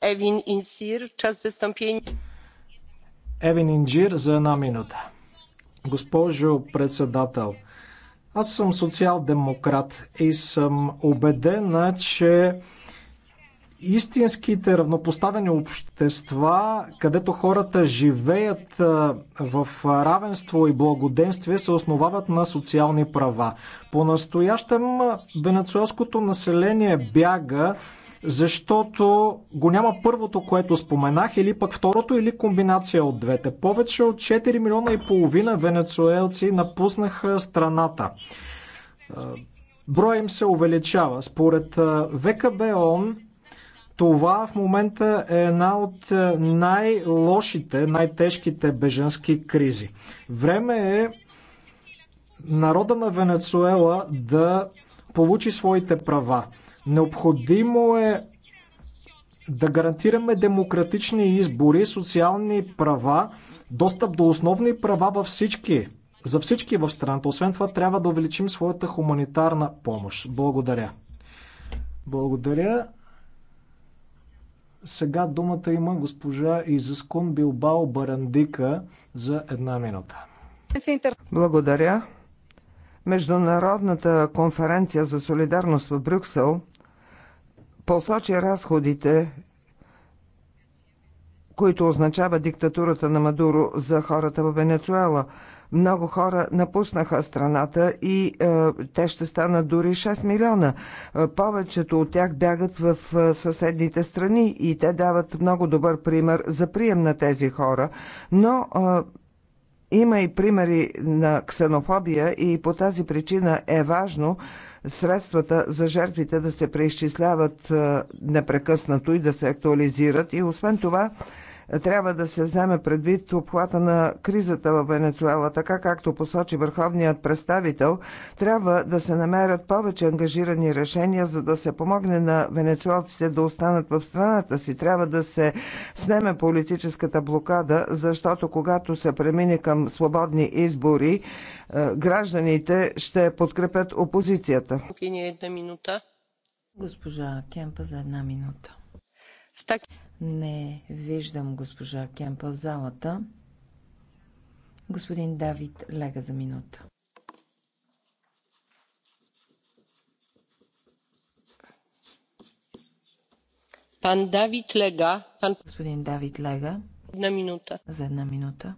Евин Инджир за една минута. Госпожо председател, аз съм социал-демократ и съм убедена, че истинските равнопоставени общества, където хората живеят в равенство и благоденствие, се основават на социални права. По-настоящем венецуелското население бяга защото го няма първото, което споменах, или пък второто, или комбинация от двете. Повече от 4 милиона и половина венецуелци напуснаха страната. Броя им се увеличава. Според ВКБ ООН, това в момента е една от най-лошите, най-тежките беженски кризи. Време е народа на Венецуела да получи своите права. Необходимо е да гарантираме демократични избори, социални права, достъп до основни права във всички, за всички в страната. Освен това, трябва да увеличим своята хуманитарна помощ. Благодаря. Благодаря. Сега думата има госпожа Изискун Билбао Барандика за една минута. Благодаря. Международната конференция за солидарност в Брюксел посочи разходите, които означава диктатурата на Мадуро за хората в Венецуела. Много хора напуснаха страната и е, те ще станат дори 6 милиона. Е, повечето от тях бягат в е, съседните страни и те дават много добър пример за прием на тези хора. Но е, има и примери на ксенофобия и по тази причина е важно средствата за жертвите да се преизчисляват е, непрекъснато и да се актуализират. И освен това, трябва да се вземе предвид обхвата на кризата в Венецуела, така както посочи върховният представител, трябва да се намерят повече ангажирани решения, за да се помогне на венецуелците да останат в страната си. Трябва да се снеме политическата блокада, защото когато се премине към свободни избори, е, гражданите ще подкрепят опозицията. Госпожа Кемпа за една минута. Не виждам госпожа Кемпа в залата. Господин Давид Лега за минута. Пан Давид Лега. Пан... Господин Давид Лега. Една минута. За една минута.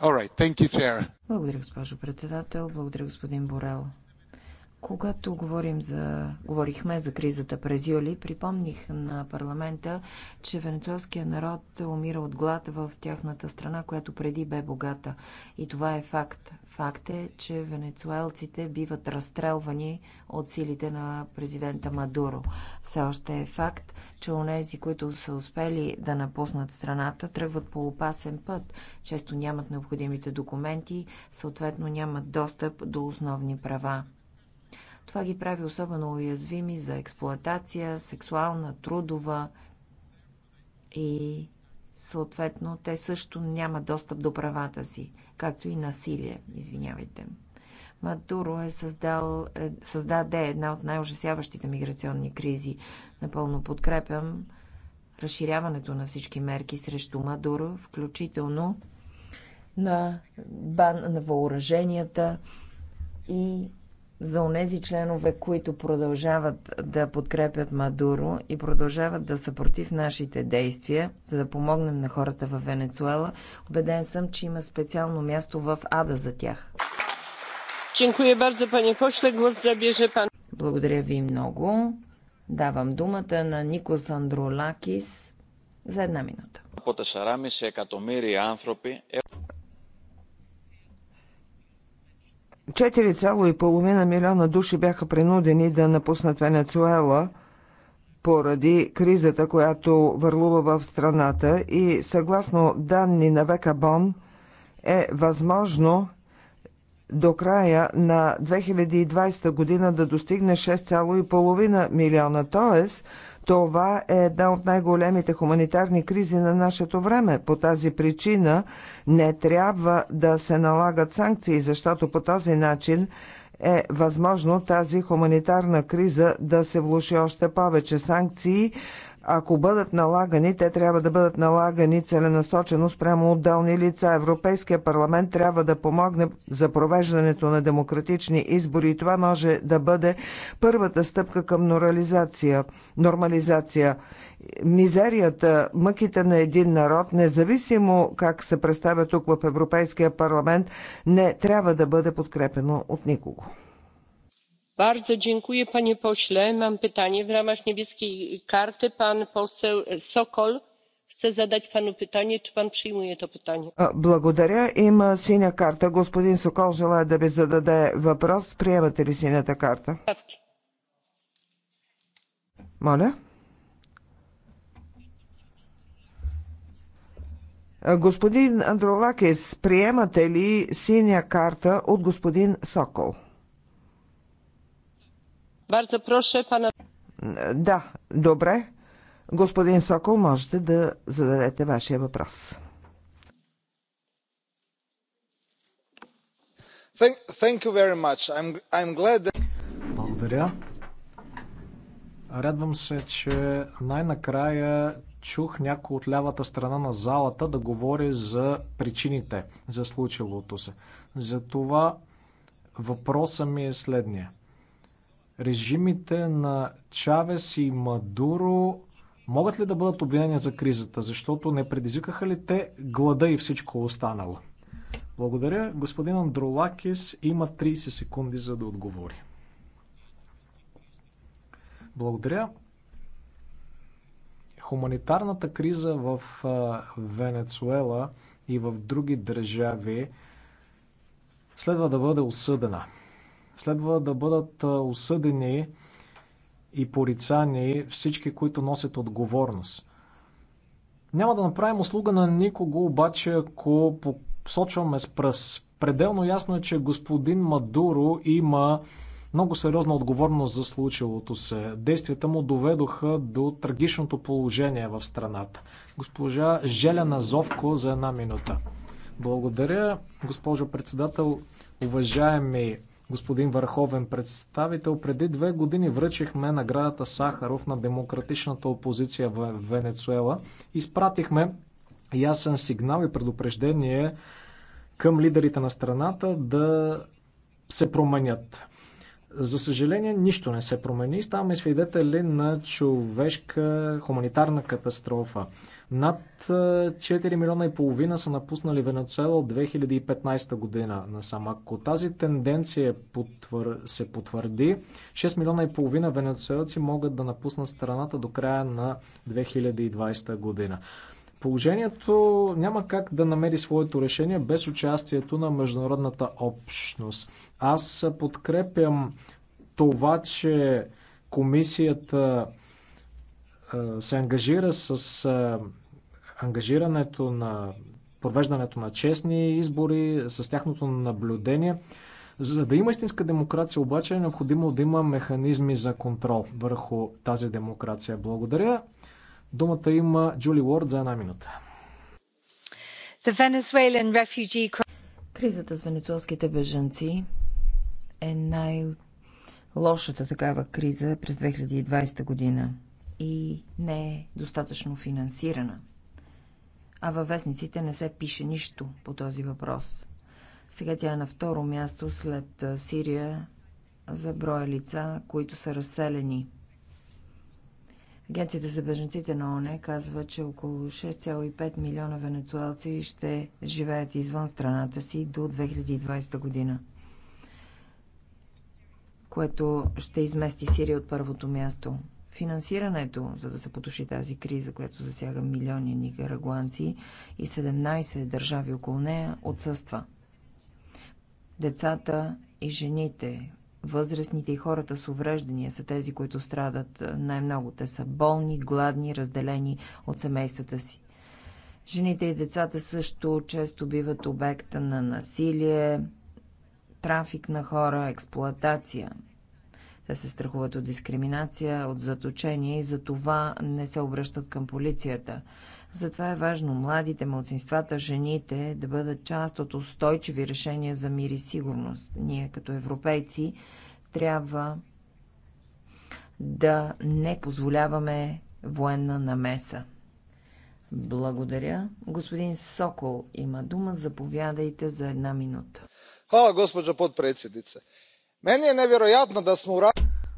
Right. You, Благодаря, госпожо председател. Благодаря, господин Борел. Когато говорим за, говорихме за кризата през юли, припомних на парламента, че венецуелският народ е умира от глад в тяхната страна, която преди бе богата. И това е факт. Факт е, че венецуелците биват разстрелвани от силите на президента Мадуро. Все още е факт, че онези, които са успели да напуснат страната, тръгват по опасен път. Често нямат необходимите документи, съответно нямат достъп до основни права. Това ги прави особено уязвими за експлоатация, сексуална, трудова и съответно те също няма достъп до правата си, както и насилие, извинявайте. Мадуро е създал, е, създаде една от най-ужасяващите миграционни кризи. Напълно подкрепям разширяването на всички мерки срещу Мадуро, включително на бан на въоръженията и за онези членове, които продължават да подкрепят Мадуро и продължават да са против нашите действия, за да помогнем на хората в Венецуела. убеден съм, че има специално място в Ада за тях. Благодаря ви много. Давам думата на Никос Андролакис за една минута. 4,5 милиона души бяха принудени да напуснат Венецуела поради кризата, която върлува в страната и съгласно данни на Векабон е възможно до края на 2020 година да достигне 6,5 милиона, т.е. Това е една от най-големите хуманитарни кризи на нашето време. По тази причина не трябва да се налагат санкции, защото по този начин е възможно тази хуманитарна криза да се влуши още повече. Санкции ако бъдат налагани, те трябва да бъдат налагани целенасочено спрямо отделни лица. Европейския парламент трябва да помогне за провеждането на демократични избори и това може да бъде първата стъпка към нормализация. нормализация. Мизерията, мъките на един народ, независимо как се представя тук в Европейския парламент, не трябва да бъде подкрепено от никого bardzo dziękuję panie pośle. mam pytanie w ramach niebieskiej karty pan poseł sokol chce zadać panu pytanie czy pan przyjmuje to pytanie? Благодаря. Има синя карта. Господин Сокол желая да ви зададе въпрос. Приемате ли синята карта? Моля. Господин Андролакис, приемате ли синя карта от господин Сокол? Да, добре. Господин Сокол, можете да зададете вашия въпрос. Благодаря. Радвам се, че най-накрая чух някой от лявата страна на залата да говори за причините за случилото се. Затова въпросът ми е следния – режимите на Чавес и Мадуро могат ли да бъдат обвинени за кризата? Защото не предизвикаха ли те глада и всичко останало? Благодаря. Господин Андролакис има 30 секунди за да отговори. Благодаря. Хуманитарната криза в Венецуела и в други държави следва да бъде осъдена. Следва да бъдат осъдени и порицани всички, които носят отговорност. Няма да направим услуга на никого, обаче ако посочваме с пръст. Пределно ясно е, че господин Мадуро има много сериозна отговорност за случилото се. Действията му доведоха до трагичното положение в страната. Госпожа Желена Зовко за една минута. Благодаря, госпожо председател, уважаеми господин Върховен представител. Преди две години връчихме наградата Сахаров на демократичната опозиция в Венецуела. Изпратихме ясен сигнал и предупреждение към лидерите на страната да се променят. За съжаление, нищо не се промени. Ставаме свидетели на човешка хуманитарна катастрофа. Над 4 милиона и половина са напуснали Венецуела от 2015 година насам. Ако тази тенденция потвър... се потвърди, 6 милиона и половина венецуелци могат да напуснат страната до края на 2020 година. Положението няма как да намери своето решение без участието на международната общност. Аз подкрепям това, че комисията се ангажира с ангажирането на провеждането на честни избори, с тяхното наблюдение. За да има истинска демокрация обаче е необходимо да има механизми за контрол върху тази демокрация. Благодаря. Думата има Джули Уорд за една минута. Кризата с венецуелските бежанци е най-лошата такава криза през 2020 година и не е достатъчно финансирана. А във вестниците не се пише нищо по този въпрос. Сега тя е на второ място след Сирия за броя лица, които са разселени – Агенцията за беженците на ОНЕ казва, че около 6,5 милиона венецуелци ще живеят извън страната си до 2020 година, което ще измести Сирия от първото място. Финансирането, за да се потуши тази криза, която засяга милиони никарагуанци и 17 държави около нея, отсъства. Децата и жените, Възрастните и хората с увреждания са тези, които страдат най-много. Те са болни, гладни, разделени от семействата си. Жените и децата също често биват обекта на насилие, трафик на хора, експлоатация. Те се страхуват от дискриминация, от заточение и за това не се обръщат към полицията. Затова е важно младите, младсинствата, жените да бъдат част от устойчиви решения за мир и сигурност. Ние като европейци трябва да не позволяваме военна намеса. Благодаря. Господин Сокол има дума. Заповядайте за една минута. Хвала, госпожа подпредседица. Мен е невероятно да сме...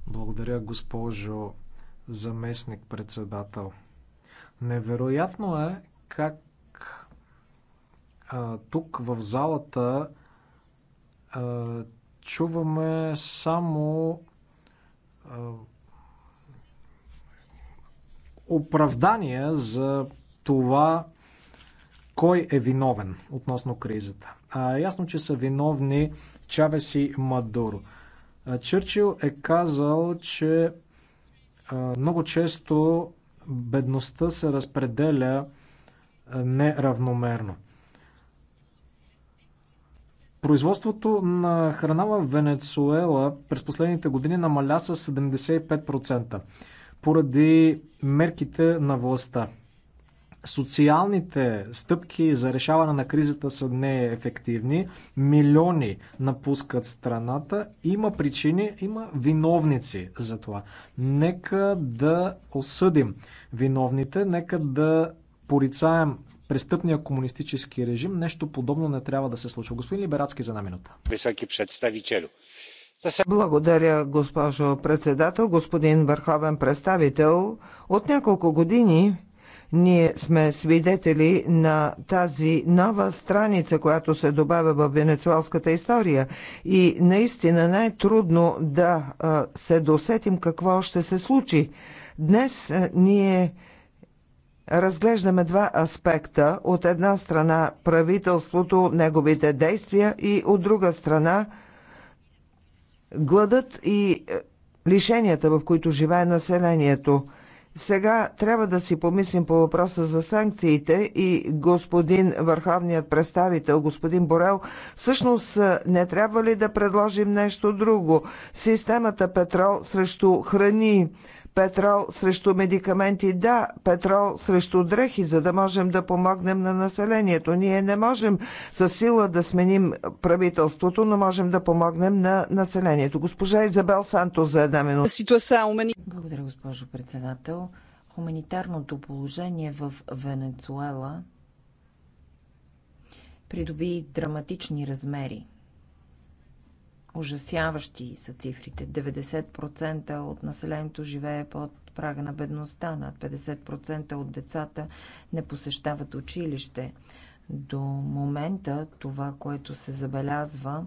Благодаря, госпожо заместник-председател. Невероятно е как а, тук в залата а, чуваме само а, оправдания за това кой е виновен относно кризата. А, ясно, че са виновни Чавес и Мадуро. Чърчил е казал, че много често бедността се разпределя е, неравномерно. Производството на храна в Венецуела през последните години намаля с 75% поради мерките на властта социалните стъпки за решаване на кризата са неефективни, милиони напускат страната, има причини, има виновници за това. Нека да осъдим виновните, нека да порицаем престъпния комунистически режим. Нещо подобно не трябва да се случва. Господин Либерацки, за една минута. Високи представителю. Благодаря, госпожо председател, господин върховен представител. От няколко години ние сме свидетели на тази нова страница, която се добавя в венецуалската история. И наистина най-трудно да се досетим какво ще се случи. Днес ние разглеждаме два аспекта. От една страна правителството, неговите действия и от друга страна гладът и лишенията, в които живее населението – сега трябва да си помислим по въпроса за санкциите и господин върховният представител, господин Борел, всъщност не трябва ли да предложим нещо друго? Системата петрол срещу храни, Петрол срещу медикаменти, да, петрол срещу дрехи, за да можем да помогнем на населението. Ние не можем със сила да сменим правителството, но можем да помогнем на населението. Госпожа Изабел Санто за една минута. Е Благодаря, госпожо председател. Хуманитарното положение в Венецуела придоби драматични размери – Ужасяващи са цифрите. 90% от населението живее под прага на бедността, над 50% от децата не посещават училище. До момента това, което се забелязва,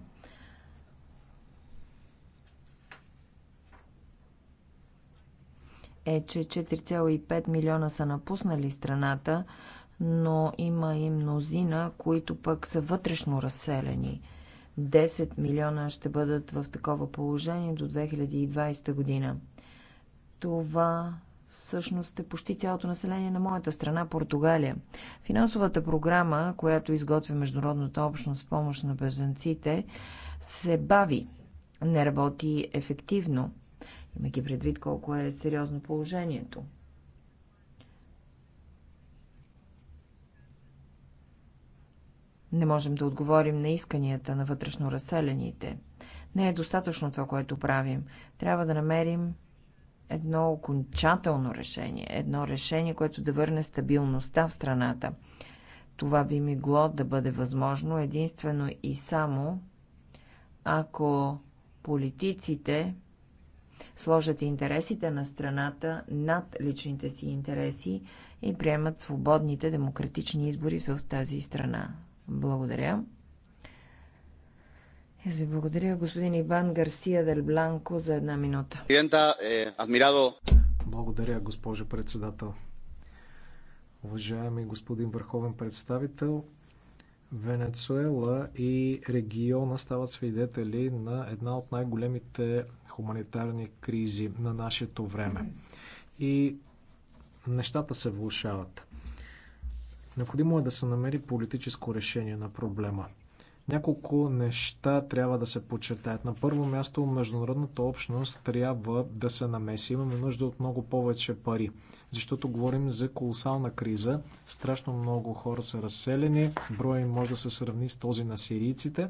е, че 4,5 милиона са напуснали страната, но има и мнозина, които пък са вътрешно разселени – 10 милиона ще бъдат в такова положение до 2020 година. Това всъщност е почти цялото население на моята страна Португалия. Финансовата програма, която изготвя международната общност с помощ на бежанците, се бави, не работи ефективно, имайки предвид колко е сериозно положението. не можем да отговорим на исканията на вътрешно разселените. Не е достатъчно това, което правим. Трябва да намерим едно окончателно решение, едно решение, което да върне стабилността в страната. Това би могло да бъде възможно единствено и само ако политиците сложат интересите на страната над личните си интереси и приемат свободните демократични избори в тази страна. Благодаря. Аз ви благодаря, господин Иван Гарсия Дель Бланко, за една минута. Е, благодаря, госпожо председател. Уважаеми господин върховен представител, Венецуела и региона стават свидетели на една от най-големите хуманитарни кризи на нашето време. И нещата се влушават. Необходимо е да се намери политическо решение на проблема. Няколко неща трябва да се подчертаят. На първо място, международната общност трябва да се намеси. Имаме нужда от много повече пари, защото говорим за колосална криза. Страшно много хора са разселени. Броя им може да се сравни с този на сирийците.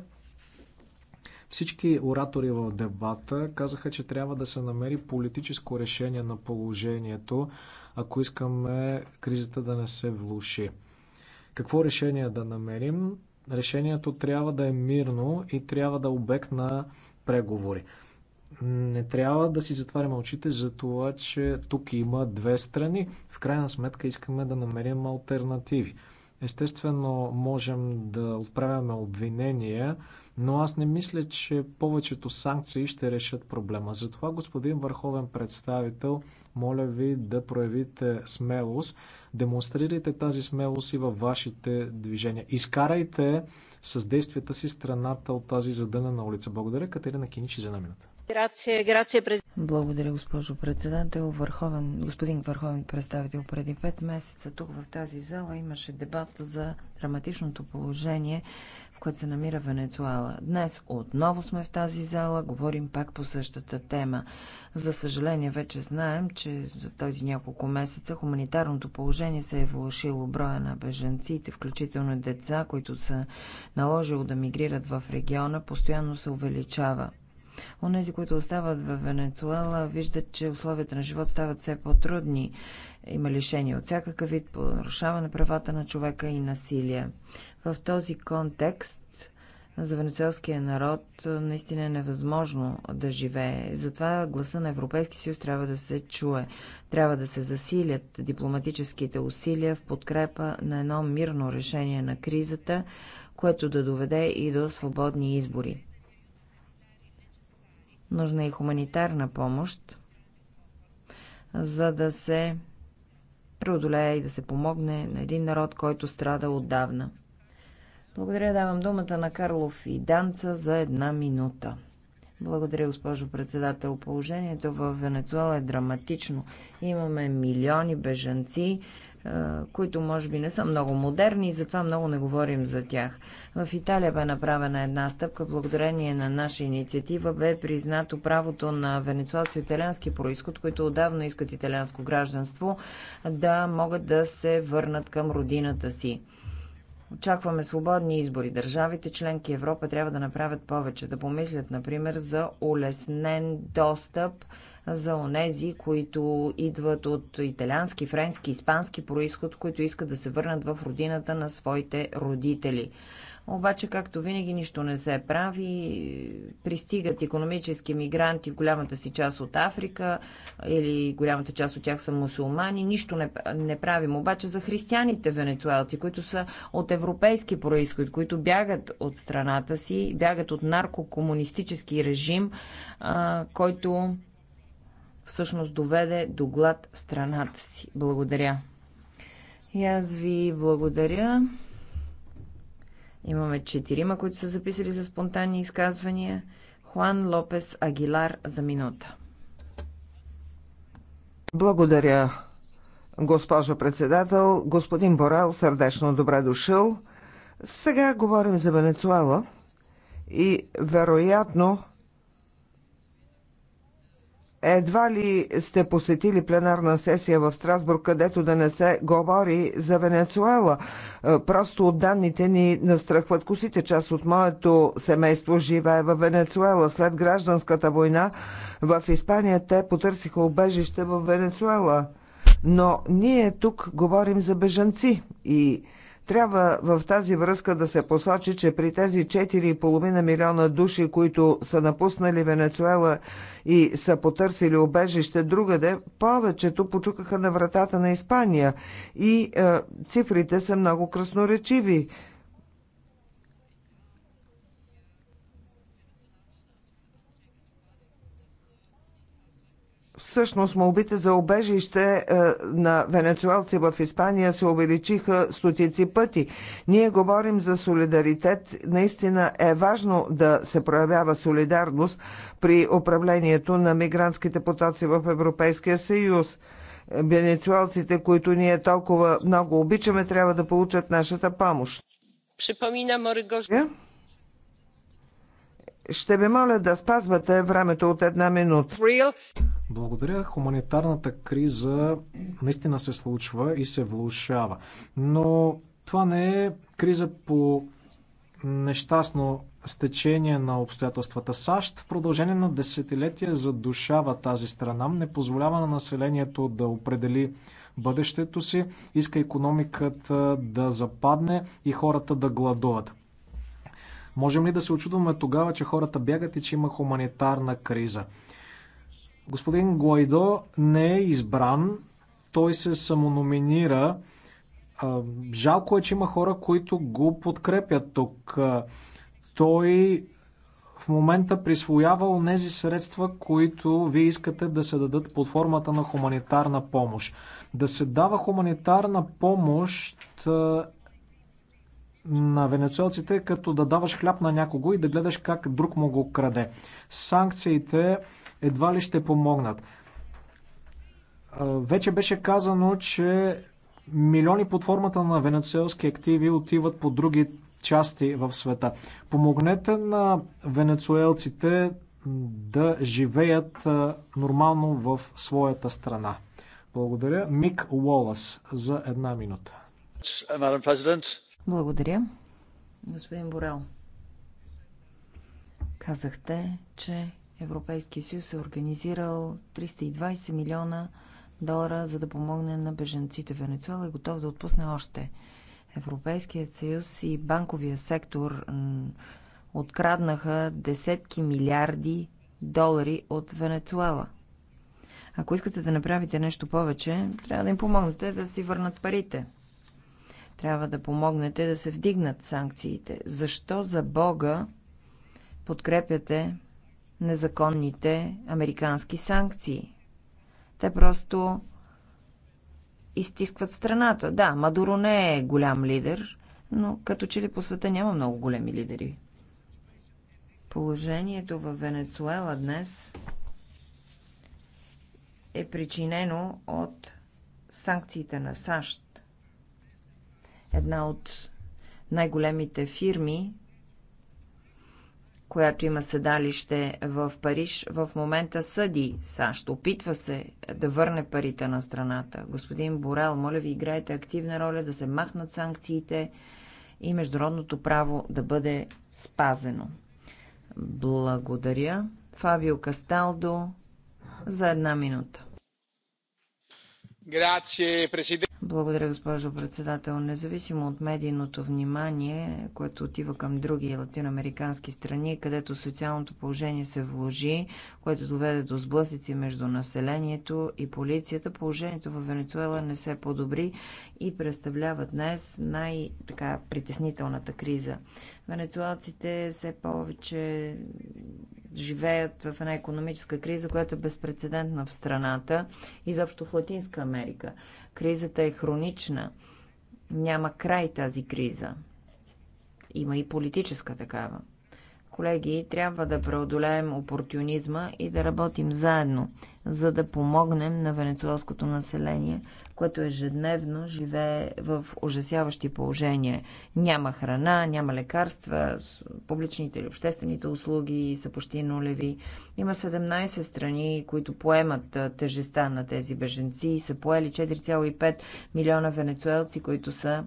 Всички оратори в дебата казаха, че трябва да се намери политическо решение на положението, ако искаме кризата да не се влуши. Какво решение да намерим? Решението трябва да е мирно и трябва да е обект на преговори. Не трябва да си затваряме очите за това, че тук има две страни. В крайна сметка искаме да намерим альтернативи. Естествено, можем да отправяме обвинения но аз не мисля, че повечето санкции ще решат проблема. Затова, господин върховен представител, моля ви да проявите смелост. Демонстрирайте тази смелост и във вашите движения. Изкарайте с действията си страната от тази задънена улица. Благодаря, Катерина Киничи, за намината. Благодаря, госпожо председател. Върховен, господин върховен представител, преди пет месеца тук в тази зала имаше дебат за драматичното положение която което се намира Венецуела. Днес отново сме в тази зала, говорим пак по същата тема. За съжаление, вече знаем, че за тези няколко месеца хуманитарното положение се е влошило. Броя на беженците, включително и деца, които са наложило да мигрират в региона, постоянно се увеличава. Онези, които остават в Венецуела, виждат, че условията на живот стават все по-трудни. Има лишения от всякакъв вид, нарушаване правата на човека и насилие. В този контекст за венецуелския народ наистина е невъзможно да живее. Затова гласа на Европейски съюз трябва да се чуе. Трябва да се засилят дипломатическите усилия в подкрепа на едно мирно решение на кризата, което да доведе и до свободни избори. Нужна е и хуманитарна помощ, за да се преодолее и да се помогне на един народ, който страда отдавна. Благодаря, давам думата на Карлов и Данца за една минута. Благодаря, госпожо председател. Положението в Венецуела е драматично. Имаме милиони бежанци, които може би не са много модерни и затова много не говорим за тях. В Италия бе направена една стъпка. Благодарение на наша инициатива бе признато правото на венецуалци италиански происход, които отдавна искат италианско гражданство, да могат да се върнат към родината си. Очакваме свободни избори. Държавите членки Европа трябва да направят повече, да помислят, например, за улеснен достъп за онези, които идват от италиански, френски, испански происход, които искат да се върнат в родината на своите родители. Обаче, както винаги, нищо не се прави. Пристигат економически мигранти в голямата си част от Африка или голямата част от тях са мусулмани. Нищо не, не правим. Обаче за християните венецуелци, които са от европейски происход, които бягат от страната си, бягат от наркокомунистически режим, а, който всъщност доведе до глад в страната си. Благодаря. И аз ви благодаря. Имаме четирима, които са записали за спонтанни изказвания. Хуан Лопес Агилар за минута. Благодаря, госпожо председател. Господин Борал, сърдечно добре дошъл. Сега говорим за Венецуела и вероятно едва ли сте посетили пленарна сесия в Страсбург, където да не се говори за Венецуела. Е, просто от данните ни настръхват косите. Част от моето семейство живее в Венецуела. След гражданската война в Испания те потърсиха убежище в Венецуела. Но ние тук говорим за бежанци и трябва в тази връзка да се посочи, че при тези 4,5 милиона души, които са напуснали Венецуела и са потърсили обежище другаде, повечето почукаха на вратата на Испания и е, цифрите са много красноречиви. Всъщност, молбите за обежище е, на венецуелци в Испания се увеличиха стотици пъти. Ние говорим за солидаритет. Наистина е важно да се проявява солидарност при управлението на мигрантските потоци в Европейския съюз. Венецуелците, които ние толкова много обичаме, трябва да получат нашата помощ. Припоминам Оригожа. Ще ви моля да спазвате времето от една минута. Благодаря. Хуманитарната криза наистина се случва и се влушава. Но това не е криза по нещастно стечение на обстоятелствата. САЩ в продължение на десетилетия задушава тази страна, не позволява на населението да определи бъдещето си, иска економиката да западне и хората да гладуват. Можем ли да се очудваме тогава, че хората бягат и че има хуманитарна криза? Господин Гуайдо не е избран, той се самономинира. Жалко е, че има хора, които го подкрепят тук. Той в момента присвоява тези средства, които вие искате да се дадат под формата на хуманитарна помощ. Да се дава хуманитарна помощ на венецуелците е като да даваш хляб на някого и да гледаш как друг му го краде. Санкциите едва ли ще помогнат. Вече беше казано, че милиони под формата на венецуелски активи отиват по други части в света. Помогнете на венецуелците да живеят нормално в своята страна. Благодаря. Мик Уолас за една минута. Madam President, благодаря. Господин Борел, казахте, че Европейския съюз е организирал 320 милиона долара, за да помогне на беженците. Венецуела е готов да отпусне още. Европейският съюз и банковия сектор откраднаха десетки милиарди долари от Венецуела. Ако искате да направите нещо повече, трябва да им помогнете да си върнат парите. Трябва да помогнете да се вдигнат санкциите. Защо за Бога подкрепяте незаконните американски санкции? Те просто изтискват страната. Да, Мадуро не е голям лидер, но като че ли по света няма много големи лидери. Положението в Венецуела днес е причинено от санкциите на САЩ една от най-големите фирми, която има седалище в Париж, в момента съди САЩ. Опитва се да върне парите на страната. Господин Борел, моля ви, играете активна роля, да се махнат санкциите и международното право да бъде спазено. Благодаря. Фабио Касталдо за една минута. Грация, президент. Благодаря, госпожо председател. Независимо от медийното внимание, което отива към други латиноамерикански страни, където социалното положение се вложи, което доведе до сблъсъци между населението и полицията, положението в Венецуела не се подобри и представлява днес най-притеснителната криза. Венецуелците все повече живеят в една економическа криза, която е безпредседентна в страната, изобщо в Латинска Америка. Кризата е хронична. Няма край тази криза. Има и политическа такава. Колеги, трябва да преодолеем опортунизма и да работим заедно, за да помогнем на венецуелското население, което ежедневно живее в ужасяващи положения. Няма храна, няма лекарства, публичните или обществените услуги са почти нулеви. Има 17 страни, които поемат тежеста на тези беженци и са поели 4,5 милиона венецуелци, които са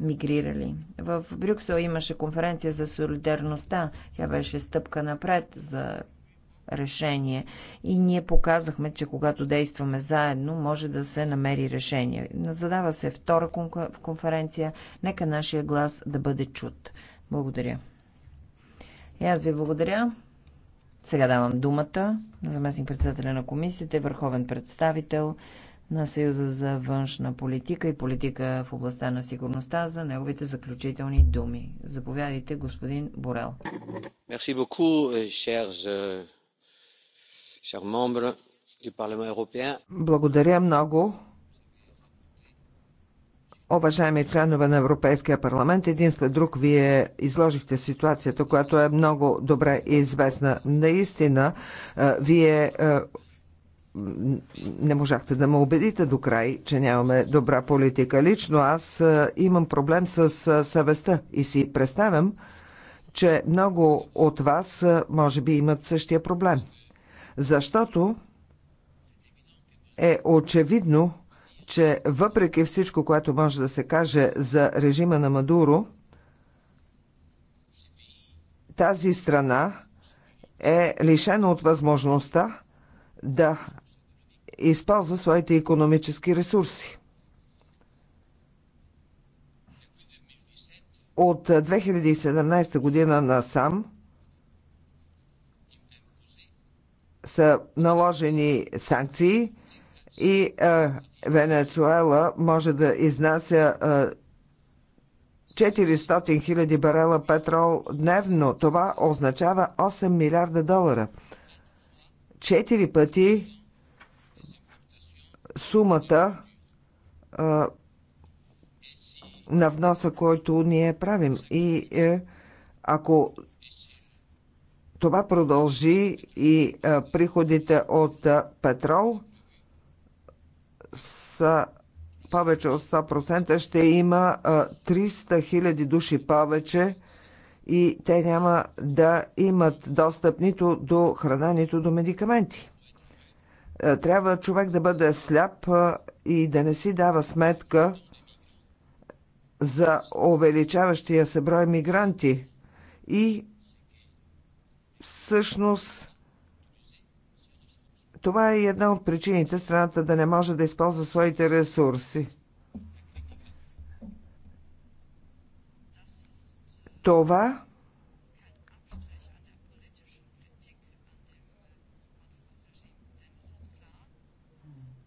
мигрирали. В Брюксел имаше конференция за солидарността. Тя беше стъпка напред за решение и ние показахме, че когато действаме заедно, може да се намери решение. Задава се втора конференция. Нека нашия глас да бъде чут. Благодаря. И аз ви благодаря. Сега давам думата на заместник председателя на комисията, върховен представител на Съюза за външна политика и политика в областта на сигурността за неговите заключителни думи. Заповядайте, господин Борел. Merci beaucoup, euh, chers, euh, chers membres du Parlement européen. Благодаря много. Уважаеми членове на Европейския парламент, един след друг вие изложихте ситуацията, която е много добре известна. Наистина, вие не можахте да ме убедите до край, че нямаме добра политика. Лично аз имам проблем с съвестта и си представям, че много от вас може би имат същия проблем. Защото е очевидно, че въпреки всичко, което може да се каже за режима на Мадуро, тази страна е лишена от възможността да използва своите економически ресурси. От 2017 година насам са наложени санкции и а, Венецуела може да изнася а, 400 000 барела петрол дневно. Това означава 8 милиарда долара – четири пъти сумата а, на вноса, който ние правим. И е, ако това продължи и а, приходите от а, петрол са повече от 100%, ще има а, 300 000 души повече и те няма да имат достъп нито до храна, нито до медикаменти. Е, трябва човек да бъде сляп е, и да не си дава сметка за увеличаващия се брой мигранти и всъщност това е една от причините страната да не може да използва своите ресурси. Това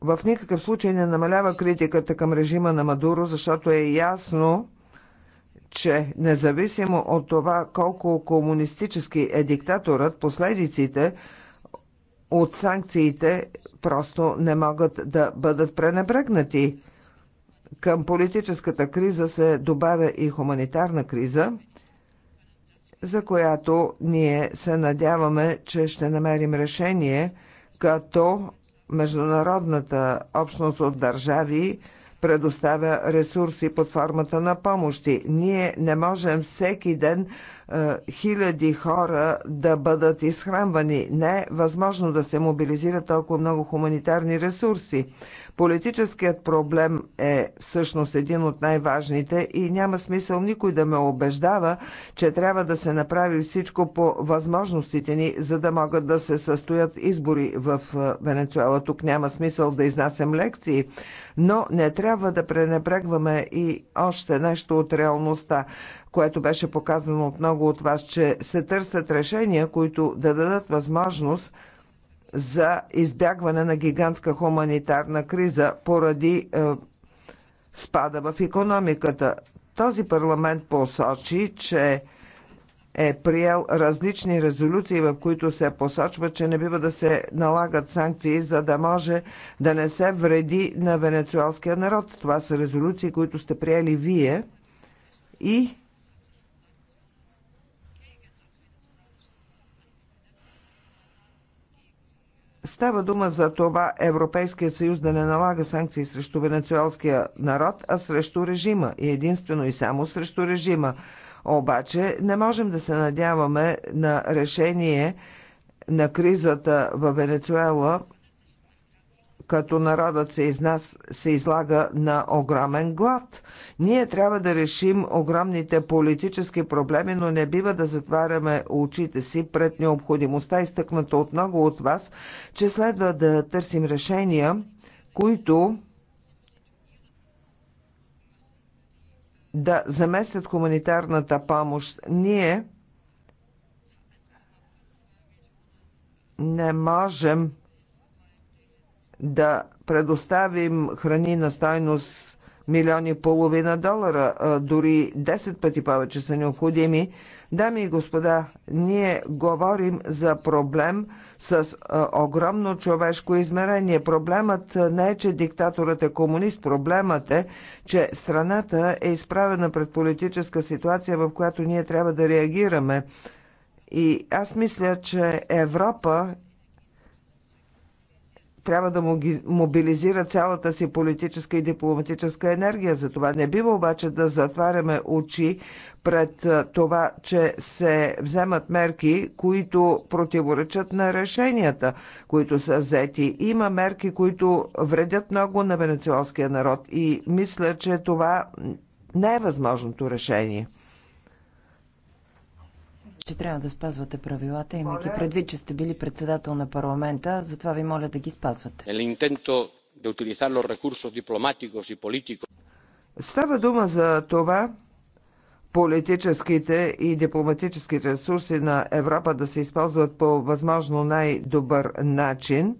в никакъв случай не намалява критиката към режима на Мадуро, защото е ясно, че независимо от това колко комунистически е диктаторът, последиците от санкциите просто не могат да бъдат пренебрегнати. Към политическата криза се добавя и хуманитарна криза – за която ние се надяваме, че ще намерим решение, като международната общност от държави предоставя ресурси под формата на помощи. Ние не можем всеки ден е, хиляди хора да бъдат изхранвани. Не е възможно да се мобилизират толкова много хуманитарни ресурси. Политическият проблем е всъщност един от най-важните и няма смисъл никой да ме убеждава, че трябва да се направи всичко по възможностите ни, за да могат да се състоят избори в е, Венецуела. Тук няма смисъл да изнасям лекции, но не трябва да пренебрегваме и още нещо от реалността което беше показано от много от вас, че се търсят решения, които да дадат възможност за избягване на гигантска хуманитарна криза поради е, спада в економиката. Този парламент посочи, че е приел различни резолюции, в които се посочва, че не бива да се налагат санкции, за да може да не се вреди на венецуелския народ. Това са резолюции, които сте приели вие и Става дума за това Европейския съюз да не налага санкции срещу венецуелския народ, а срещу режима. И единствено и само срещу режима. Обаче не можем да се надяваме на решение на кризата в Венецуела като народът се, изнас, се излага на огромен глад. Ние трябва да решим огромните политически проблеми, но не бива да затваряме очите си пред необходимостта, изтъкната от много от вас, че следва да търсим решения, които да заместят хуманитарната помощ. Ние не можем да предоставим храни на стойност милиони и половина долара, дори 10 пъти повече са необходими. Дами и господа, ние говорим за проблем с огромно човешко измерение. Проблемът не е, че диктаторът е комунист, проблемът е, че страната е изправена пред политическа ситуация, в която ние трябва да реагираме. И аз мисля, че Европа трябва да мобилизира цялата си политическа и дипломатическа енергия. За това не бива обаче да затваряме очи пред това, че се вземат мерки, които противоречат на решенията, които са взети. Има мерки, които вредят много на венецуелския народ и мисля, че това не е възможното решение че трябва да спазвате правилата, имайки предвид, че сте били председател на парламента, затова ви моля да ги спазвате. Става дума за това политическите и дипломатическите ресурси на Европа да се използват по възможно най-добър начин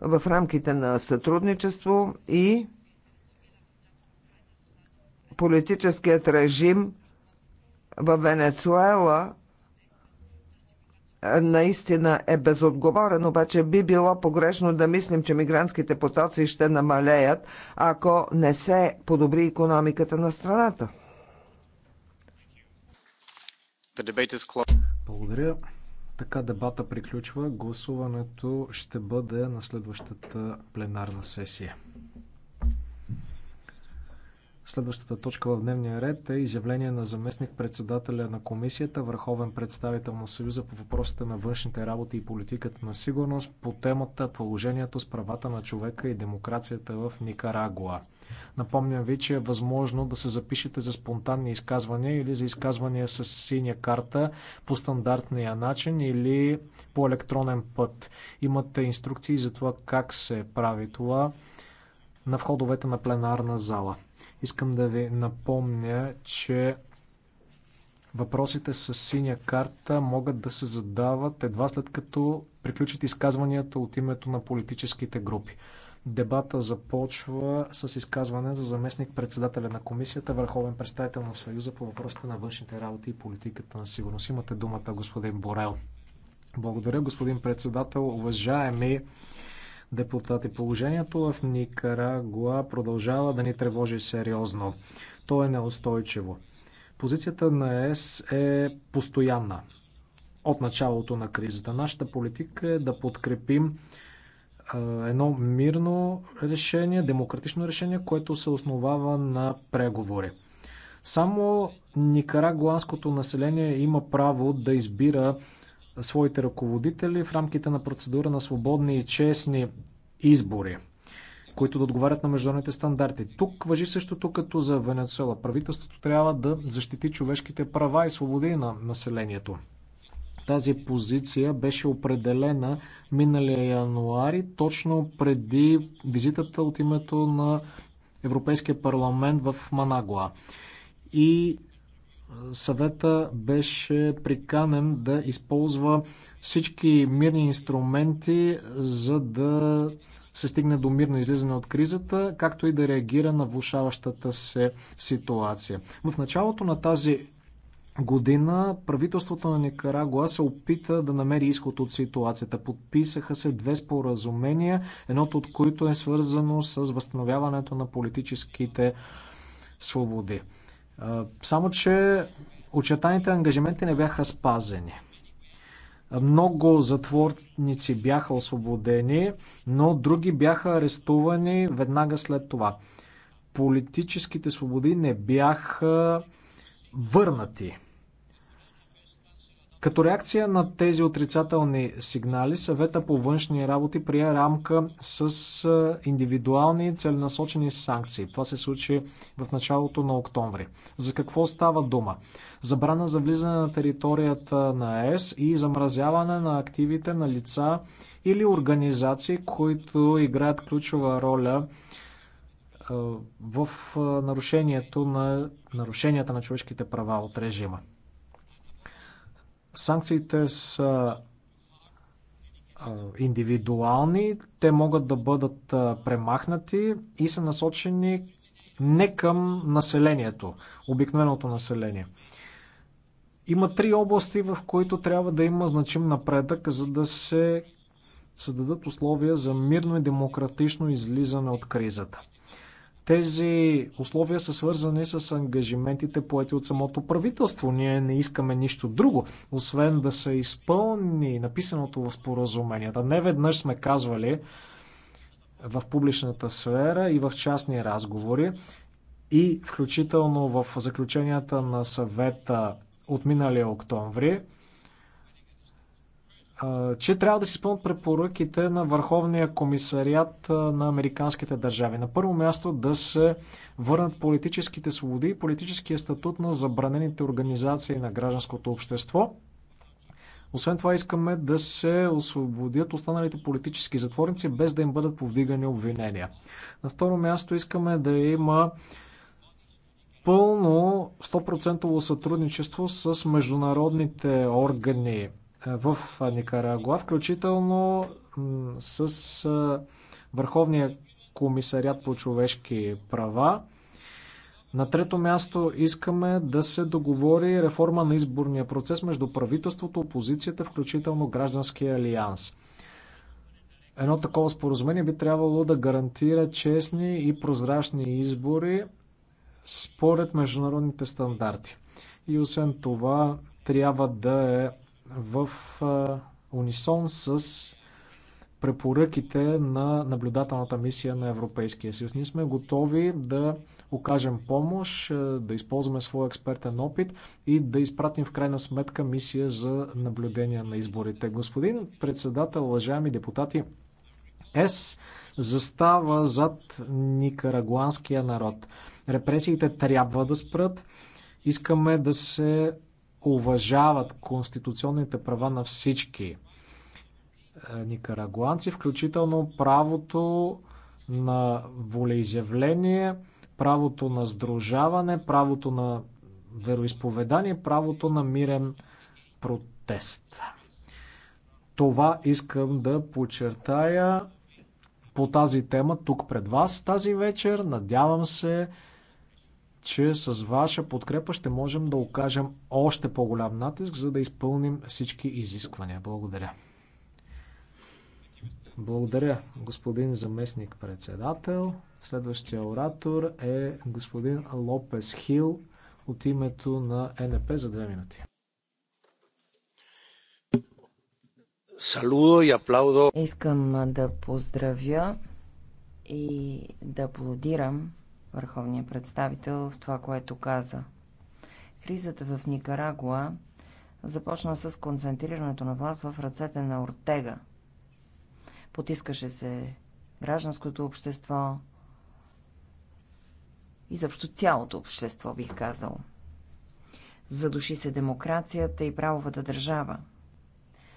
в рамките на сътрудничество и политическият режим – във Венецуела е, наистина е безотговорен, обаче би било погрешно да мислим, че мигрантските потоци ще намалеят, ако не се подобри економиката на страната. Благодаря. Така дебата приключва. Гласуването ще бъде на следващата пленарна сесия. Следващата точка в дневния ред е изявление на заместник председателя на комисията, върховен представител на Съюза по въпросите на външните работи и политиката на сигурност по темата положението с правата на човека и демокрацията в Никарагуа. Напомням ви, че е възможно да се запишете за спонтанни изказвания или за изказвания с синя карта по стандартния начин или по електронен път. Имате инструкции за това как се прави това на входовете на пленарна зала. Искам да ви напомня, че въпросите с синя карта могат да се задават едва след като приключат изказванията от името на политическите групи. Дебата започва с изказване за заместник председателя на комисията, върховен представител на Съюза по въпросите на външните работи и политиката на сигурност. Имате думата, господин Борел. Благодаря, господин председател. Уважаеми депутати. Положението в Никарагуа продължава да ни тревожи сериозно. То е неустойчиво. Позицията на ЕС е постоянна от началото на кризата. Нашата политика е да подкрепим едно мирно решение, демократично решение, което се основава на преговори. Само никарагуанското население има право да избира своите ръководители в рамките на процедура на свободни и честни избори, които да отговарят на международните стандарти. Тук въжи същото като за Венецуела. Правителството трябва да защити човешките права и свободи на населението. Тази позиция беше определена миналия януари, точно преди визитата от името на Европейския парламент в Манагуа. И съвета беше приканен да използва всички мирни инструменти, за да се стигне до мирно излизане от кризата, както и да реагира на влушаващата се ситуация. В началото на тази година правителството на Никарагуа се опита да намери изход от ситуацията. Подписаха се две споразумения, едното от които е свързано с възстановяването на политическите свободи. Само, че очертаните ангажименти не бяха спазени. Много затворници бяха освободени, но други бяха арестувани веднага след това. Политическите свободи не бяха върнати като реакция на тези отрицателни сигнали, съвета по външни работи прие рамка с индивидуални целенасочени санкции. Това се случи в началото на октомври. За какво става дума? Забрана за влизане на територията на ЕС и замразяване на активите на лица или организации, които играят ключова роля в нарушението на, нарушенията на човешките права от режима. Санкциите са индивидуални, те могат да бъдат премахнати и са насочени не към населението, обикновеното население. Има три области, в които трябва да има значим напредък, за да се създадат условия за мирно и демократично излизане от кризата. Тези условия са свързани с ангажиментите поети от самото правителство. Ние не искаме нищо друго, освен да се изпълни написаното в споразуменията. Не веднъж сме казвали в публичната сфера и в частни разговори и включително в заключенията на съвета от миналия октомври, че трябва да се изпълнят препоръките на Върховния комисариат на американските държави. На първо място да се върнат политическите свободи и политическия статут на забранените организации на гражданското общество. Освен това искаме да се освободят останалите политически затворници, без да им бъдат повдигани обвинения. На второ място искаме да има пълно 100% сътрудничество с международните органи е, в Никарагуа, включително с Върховния комисарят по човешки права. На трето място искаме да се договори реформа на изборния процес между правителството, опозицията, включително гражданския алианс. Едно такова споразумение би трябвало да гарантира честни и прозрачни избори според международните стандарти. И освен това, трябва да е в унисон с препоръките на наблюдателната мисия на Европейския съюз. Ние сме готови да окажем помощ, да използваме своя експертен опит и да изпратим в крайна сметка мисия за наблюдение на изборите. Господин председател, уважаеми депутати, ЕС застава зад никарагуанския народ. Репресиите трябва да спрат. Искаме да се уважават конституционните права на всички е, никарагуанци, включително правото на волеизявление, правото на сдружаване, правото на вероисповедание, правото на мирен протест. Това искам да подчертая по тази тема тук пред вас тази вечер. Надявам се че с ваша подкрепа ще можем да окажем още по-голям натиск, за да изпълним всички изисквания. Благодаря. Благодаря, господин заместник председател. Следващия оратор е господин Лопес Хил от името на НП за две минути. Салудо и аплаудо. Искам да поздравя и да аплодирам Върховният представител в това, което каза. Кризата в Никарагуа започна с концентрирането на власт в ръцете на Ортега. Потискаше се гражданското общество, и заобщо цялото общество, бих казал. Задуши се демокрацията и правовата държава.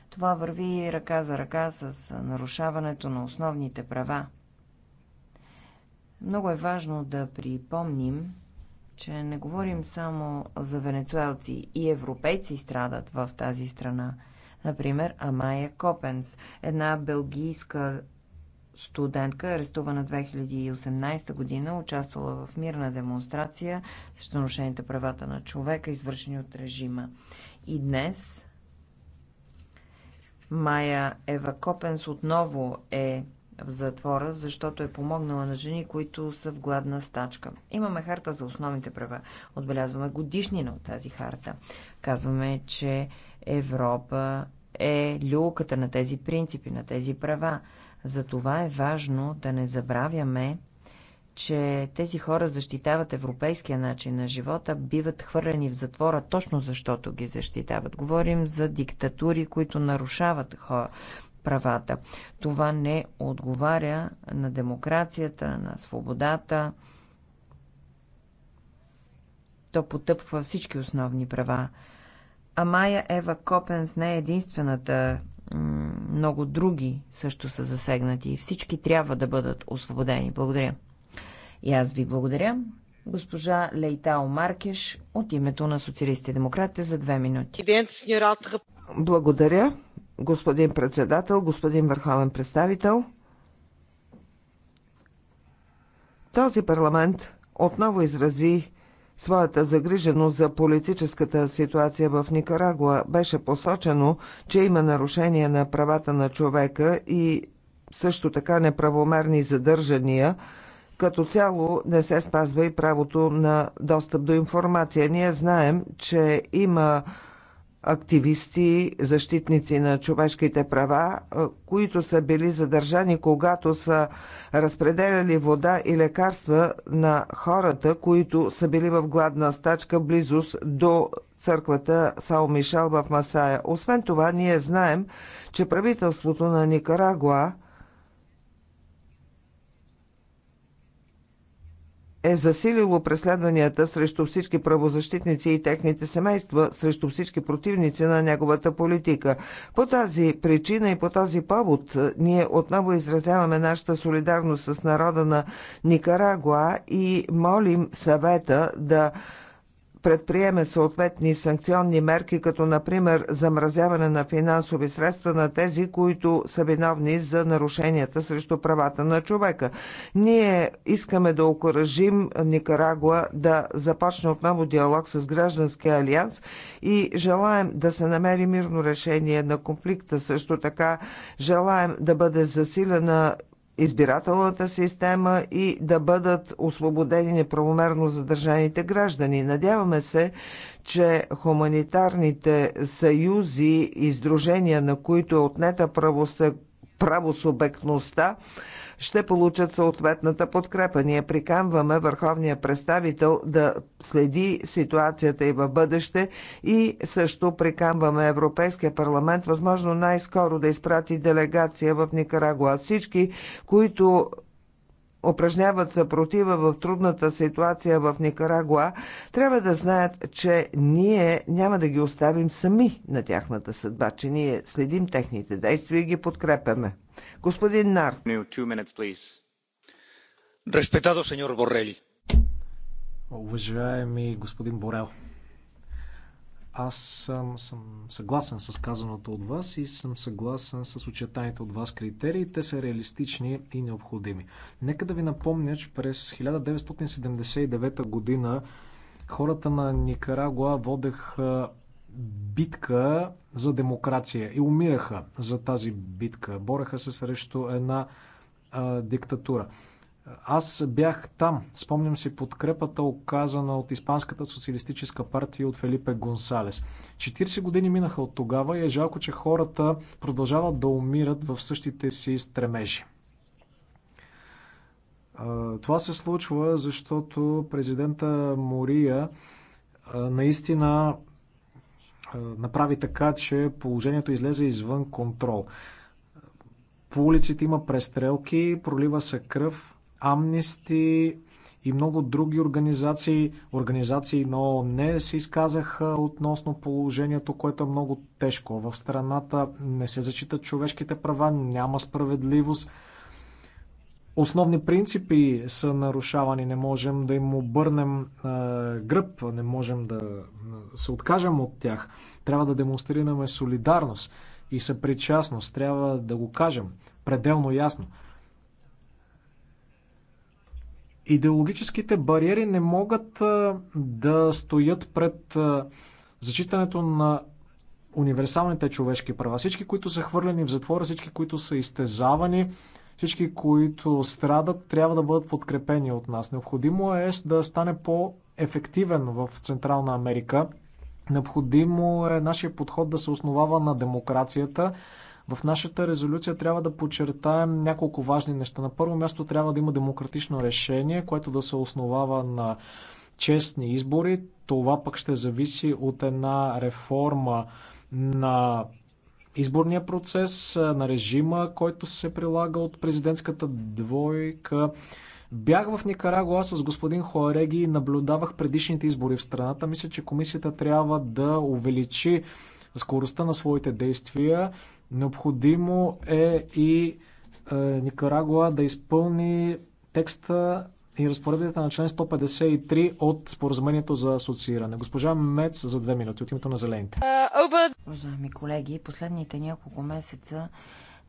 Това върви ръка за ръка с нарушаването на основните права – много е важно да припомним, че не говорим само за венецуелци и европейци страдат в тази страна. Например, Амая Копенс, една белгийска студентка, арестувана 2018 година, участвала в мирна демонстрация срещу нарушените правата на човека, извършени от режима. И днес Майя Ева Копенс отново е в затвора, защото е помогнала на жени, които са в гладна стачка. Имаме харта за основните права. Отбелязваме годишнина от тази харта. Казваме, че Европа е люката на тези принципи, на тези права. Затова е важно да не забравяме, че тези хора защитават европейския начин на живота, биват хвърлени в затвора точно защото ги защитават. Говорим за диктатури, които нарушават хора, правата. Това не отговаря на демокрацията, на свободата. То потъпва всички основни права. А Майя Ева Копенс не е единствената. Много други също са засегнати. Всички трябва да бъдат освободени. Благодаря. И аз ви благодаря. Госпожа Лейтао Маркеш от името на социалистите и демократите за две минути. Благодаря господин председател, господин върховен представител. Този парламент отново изрази своята загриженост за политическата ситуация в Никарагуа. Беше посочено, че има нарушение на правата на човека и също така неправомерни задържания. Като цяло не се спазва и правото на достъп до информация. Ние знаем, че има активисти, защитници на човешките права, които са били задържани, когато са разпределяли вода и лекарства на хората, които са били в гладна стачка близост до църквата Сао Мишал в Масая. Освен това, ние знаем, че правителството на Никарагуа е засилило преследванията срещу всички правозащитници и техните семейства, срещу всички противници на неговата политика. По тази причина и по този повод е, ние отново изразяваме нашата солидарност с народа на Никарагуа и молим съвета да предприеме съответни санкционни мерки, като например замразяване на финансови средства на тези, които са виновни за нарушенията срещу правата на човека. Ние искаме да окоръжим Никарагуа да започне отново диалог с Гражданския алианс и желаем да се намери мирно решение на конфликта. Също така желаем да бъде засилена избирателната система и да бъдат освободени неправомерно задържаните граждани. Надяваме се, че хуманитарните съюзи и издружения, на които е отнета правосъ... правосубектността, ще получат съответната подкрепа. Ние приканваме върховния представител да следи ситуацията и в бъдеще и също приканваме Европейския парламент възможно най-скоро да изпрати делегация в Никарагуа. Всички, които упражняват съпротива в трудната ситуация в Никарагуа, трябва да знаят, че ние няма да ги оставим сами на тяхната съдба, че ние следим техните действия и ги подкрепяме. Господин Нарт. Респетадо, сеньор Борели. Уважаеми господин Борел, аз съм, съм съгласен с казаното от вас и съм съгласен с очертаните от вас критерии. Те са реалистични и необходими. Нека да ви напомня, че през 1979 година хората на Никарагуа водеха битка за демокрация и умираха за тази битка. Бореха се срещу една а, диктатура. Аз бях там. Спомням си подкрепата, оказана от Испанската социалистическа партия от Фелипе Гонсалес. 40 години минаха от тогава и е жалко, че хората продължават да умират в същите си стремежи. Това се случва, защото президента Мория наистина направи така, че положението излезе извън контрол. По улиците има престрелки, пролива се кръв, Амнисти и много други организации, организации на ООН се изказаха относно положението, което е много тежко. В страната не се зачитат човешките права, няма справедливост. Основни принципи са нарушавани, не можем да им обърнем е, гръб, не можем да се откажем от тях. Трябва да демонстрираме солидарност и съпричастност, трябва да го кажем пределно ясно. Идеологическите бариери не могат да стоят пред зачитането на универсалните човешки права. Всички, които са хвърлени в затвора, всички, които са изтезавани, всички, които страдат, трябва да бъдат подкрепени от нас. Необходимо е да стане по-ефективен в Централна Америка. Необходимо е нашия подход да се основава на демокрацията, в нашата резолюция трябва да подчертаем няколко важни неща. На първо място трябва да има демократично решение, което да се основава на честни избори. Това пък ще зависи от една реформа на изборния процес, на режима, който се прилага от президентската двойка. Бях в Никарагуа с господин Хоареги и наблюдавах предишните избори в страната. Мисля, че комисията трябва да увеличи скоростта на своите действия, Необходимо е и е, Никарагуа да изпълни текста и разпоредбите на член 153 от споразумението за асоцииране. Госпожа Мец за две минути от името на Зелените. Е, Уважаеми колеги, последните няколко месеца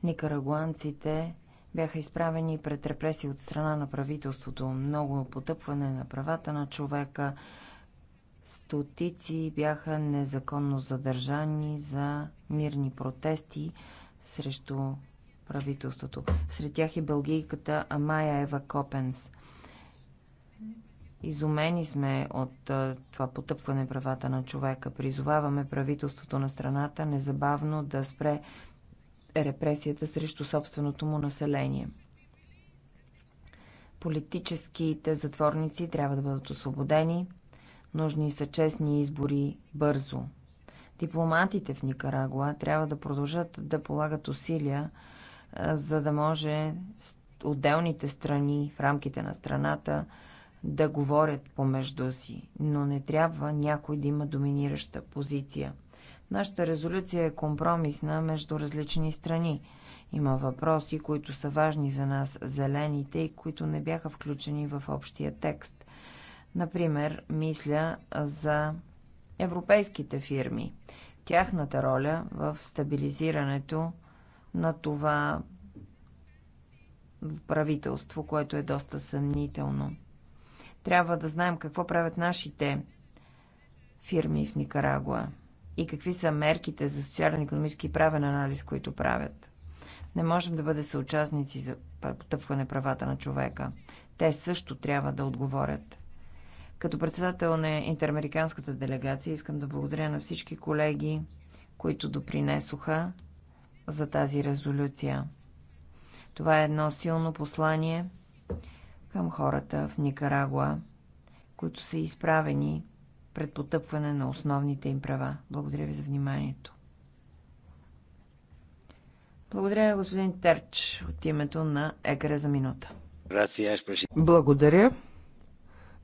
никарагуанците бяха изправени пред репресии от страна на правителството. Много потъпване на правата на човека, Стотици бяха незаконно задържани за мирни протести срещу правителството. Сред тях и белгийката Амая Ева Копенс. Изумени сме от това потъпване правата на човека. Призоваваме правителството на страната незабавно да спре репресията срещу собственото му население. Политическите затворници трябва да бъдат освободени Нужни са честни избори бързо. Дипломатите в Никарагуа трябва да продължат да полагат усилия, за да може отделните страни в рамките на страната да говорят помежду си, но не трябва някой да има доминираща позиция. Нашата резолюция е компромисна между различни страни. Има въпроси, които са важни за нас, зелените, и които не бяха включени в общия текст – Например, мисля за европейските фирми, тяхната роля в стабилизирането на това правителство, което е доста съмнително. Трябва да знаем какво правят нашите фирми в Никарагуа и какви са мерките за социален-економически и правен анализ, които правят. Не можем да бъде съучастници за потъпване правата на човека. Те също трябва да отговорят. Като председател на интерамериканската делегация искам да благодаря на всички колеги, които допринесоха за тази резолюция. Това е едно силно послание към хората в Никарагуа, които са изправени пред потъпване на основните им права. Благодаря ви за вниманието. Благодаря, господин Терч, от името на Екаре за минута. Благодаря.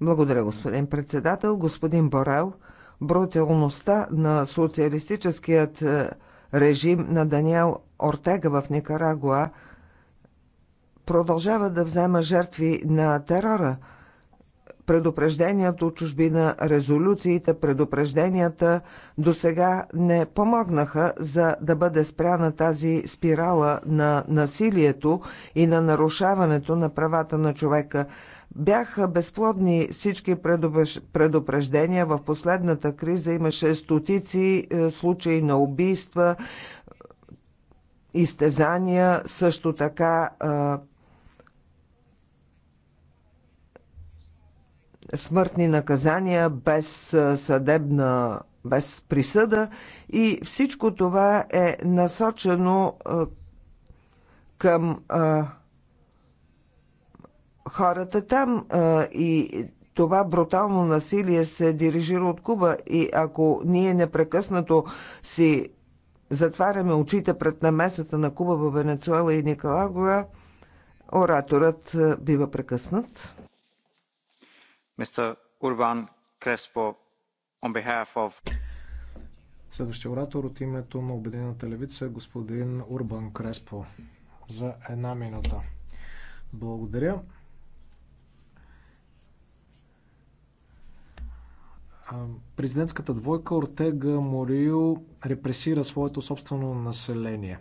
Благодаря, господин председател. Господин Борел, брутилността на социалистическият е, режим на Даниел Ортега в Никарагуа продължава да взема жертви на терора. Предупрежденията от чужбина, резолюциите, предупрежденията до сега не помогнаха за да бъде спряна тази спирала на насилието и на нарушаването на правата на човека. Бяха безплодни всички предупреждения. В последната криза имаше стотици е, случаи на убийства, изтезания, също така е, смъртни наказания без е, съдебна без присъда и всичко това е насочено към хората там и това брутално насилие се дирижира от Куба и ако ние непрекъснато си затваряме очите пред намесата на Куба в Венецуела и Никалагоя, ораторът бива прекъснат. Мистер Урбан Креспо, on behalf of... Следващия оратор от името на Обединената левица е господин Урбан Креспо за една минута. Благодаря. президентската двойка Ортега Морио репресира своето собствено население.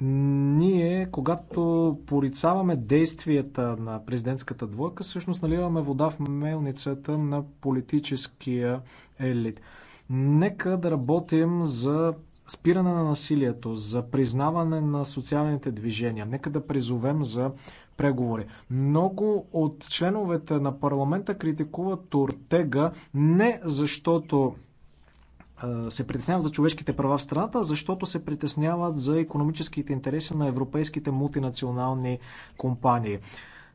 Ние, когато порицаваме действията на президентската двойка, всъщност наливаме вода в мелницата на политическия елит. Нека да работим за спиране на насилието, за признаване на социалните движения. Нека да призовем за преговори. Много от членовете на парламента критикуват Ортега не защото се притесняват за човешките права в страната, защото се притесняват за економическите интереси на европейските мултинационални компании.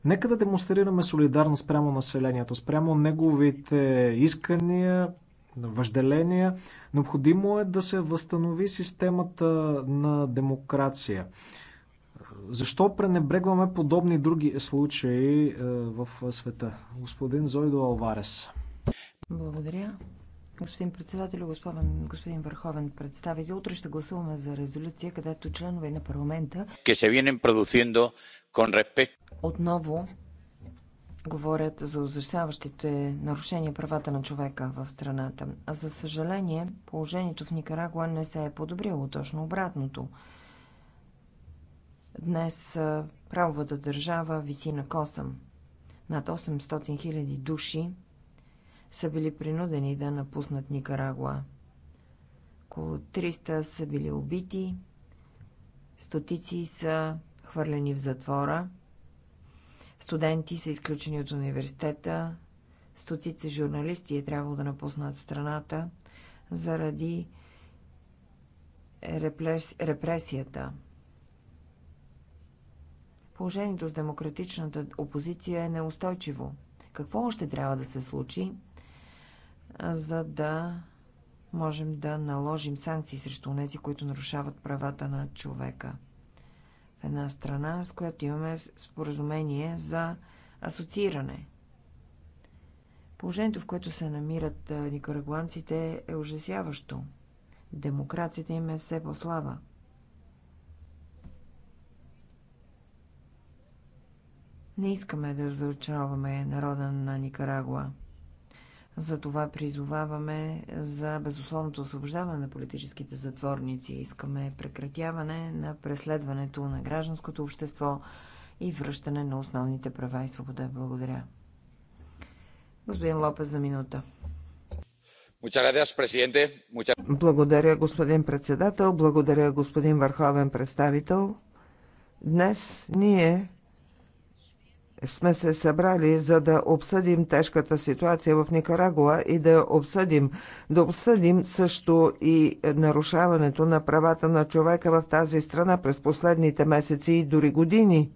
Нека да демонстрираме солидарност прямо населението, спрямо неговите искания, въжделения. Необходимо е да се възстанови системата на демокрация. Защо пренебрегваме подобни други случаи е, в света? Господин Зойдо Алварес. Благодаря. Господин председател, господин, господин върховен представител, утре ще гласуваме за резолюция, където членове на парламента отново говорят за озащаващите нарушения правата на човека в страната. А за съжаление, положението в Никарагуа не се е подобрило, точно обратното. Днес правовата държава виси на косъм. Над 800 000 души са били принудени да напуснат Никарагуа. Около 300 са били убити, стотици са хвърлени в затвора, студенти са изключени от университета, стотици журналисти е трябвало да напуснат страната заради репрес... репресията – Положението с демократичната опозиция е неустойчиво. Какво още трябва да се случи, за да можем да наложим санкции срещу тези, които нарушават правата на човека? В една страна, с която имаме споразумение за асоцииране. Положението, в което се намират никарагуанците, е ужасяващо. Демокрацията им е все по-слаба. Не искаме да разочароваме народа на Никарагуа. Затова призоваваме за безусловното освобождаване на политическите затворници. Искаме прекратяване на преследването на гражданското общество и връщане на основните права и свобода. Благодаря. Господин Лопес за минута. Благодаря, господин председател. Благодаря, господин върховен представител. Днес ние сме се събрали, за да обсъдим тежката ситуация в Никарагуа и да обсъдим, да обсъдим също и нарушаването на правата на човека в тази страна през последните месеци и дори години.